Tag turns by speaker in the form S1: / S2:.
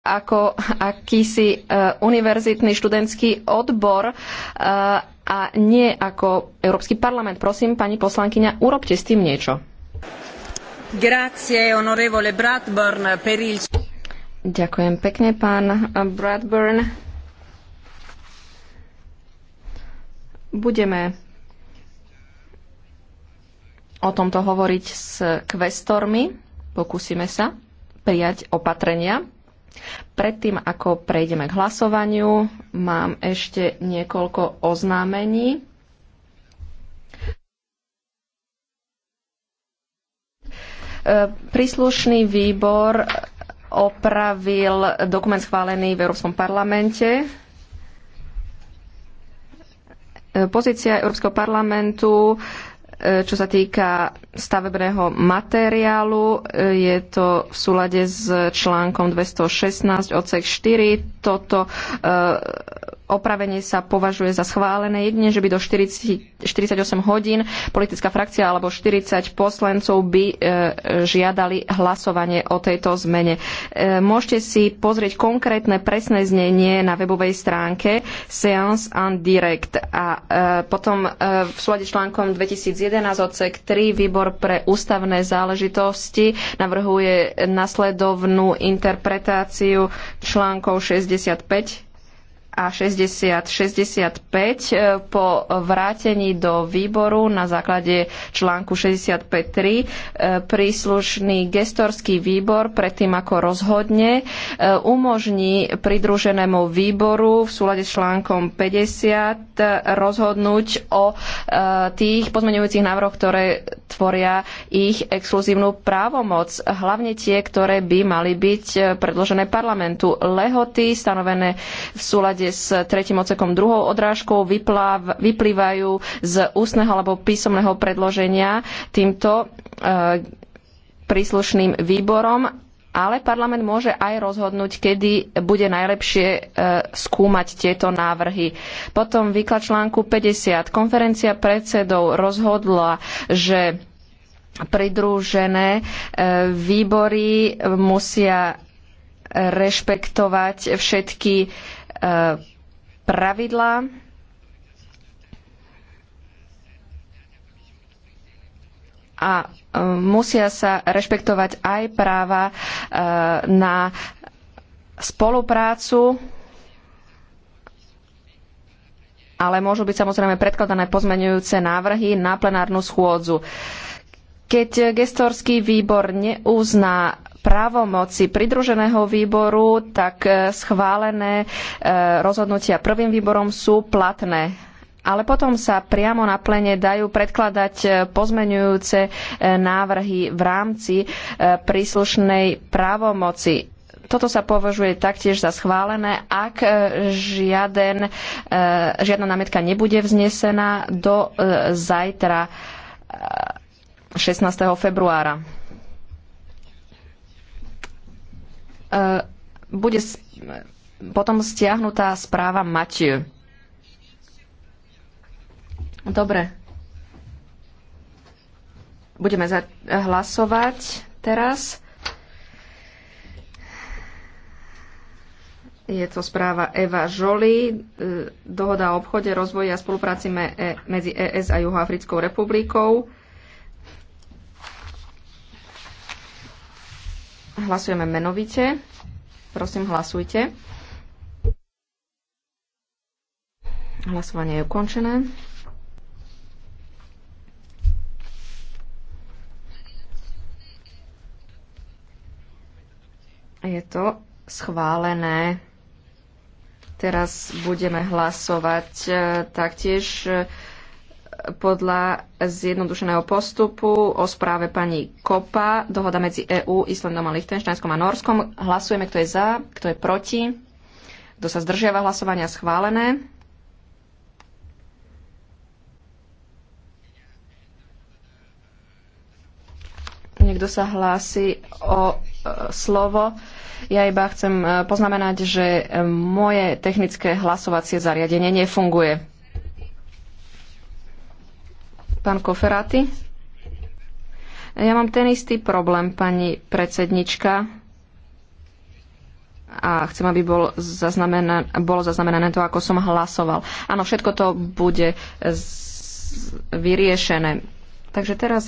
S1: ako akýsi e, univerzitný študentský odbor e, a nie ako Európsky parlament. Prosím, pani poslankyňa, urobte s tým niečo. Grazie, onorevole Bradburn, per il... Ďakujem pekne, pán Bradburn. Budeme o tomto hovoriť s kvestormi. Pokúsime sa prijať opatrenia, Predtým, ako prejdeme k hlasovaniu, mám ešte niekoľko oznámení. E, príslušný výbor opravil dokument schválený v Európskom parlamente. E, pozícia Európskeho parlamentu E, čo sa týka stavebného materiálu, e, je to v súlade s článkom 216 odsek 4. Toto e, opravenie sa považuje za schválené jedine, že by do 40, 48 hodín politická frakcia alebo 40 poslancov by e, žiadali hlasovanie o tejto zmene. E, môžete si pozrieť konkrétne presné znenie na webovej stránke Seance and Direct a e, potom e, v súlade článkom 2011 odsek 3 výbor pre ústavné záležitosti navrhuje nasledovnú interpretáciu článkov 65 a 60-65 e, po vrátení do výboru na základe článku 65.3 e, príslušný gestorský výbor predtým ako rozhodne e, umožní pridruženému výboru v súlade s článkom 50 rozhodnúť o tých pozmeňujúcich návrhoch, ktoré tvoria ich exkluzívnu právomoc, hlavne tie, ktoré by mali byť eh, predložené parlamentu. Lehoty stanovené v súlade s tretím ocekom druhou odrážkou vypláv, vyplývajú z ústneho alebo písomného predloženia týmto e, príslušným výborom ale parlament môže aj rozhodnúť, kedy bude najlepšie e, skúmať tieto návrhy. Potom výklad článku 50. Konferencia predsedov rozhodla, že pridružené e, výbory musia rešpektovať všetky e, pravidlá a e, musia sa rešpektovať aj práva e, na spoluprácu ale môžu byť samozrejme predkladané pozmenujúce návrhy na plenárnu schôdzu. Keď gestorský výbor neuzná právomoci pridruženého výboru, tak schválené e, rozhodnutia prvým výborom sú platné ale potom sa priamo na plene dajú predkladať e, pozmenujúce e, návrhy v rámci e, príslušnej právomoci. Toto sa považuje taktiež za schválené, ak žiaden, žiadna námietka nebude vznesená do zajtra 16. februára. Bude potom stiahnutá správa Matiu. Dobre. Budeme hlasovať teraz. Je to správa Eva Žoli, e, dohoda o obchode, rozvoji a spolupráci e, medzi ES a Juhoafrickou republikou. Hlasujeme menovite. Prosím, hlasujte. Hlasovanie je ukončené. Je to schválené. Teraz budeme hlasovať e, taktiež e, podľa zjednodušeného postupu o správe pani Kopa, dohoda medzi EÚ, Islandom a Lichtenštajnskom a Norskom. Hlasujeme, kto je za, kto je proti, kto sa zdržiava hlasovania schválené. Niekto sa hlási o E, slovo. Ja iba chcem e, poznamenať, že e, moje technické hlasovacie zariadenie nefunguje. Pán Koferáty? Ja mám ten istý problém, pani predsednička. A chcem, aby bol zaznamenan- bolo zaznamenané to, ako som hlasoval. Áno, všetko to bude vyriešené. Takže teraz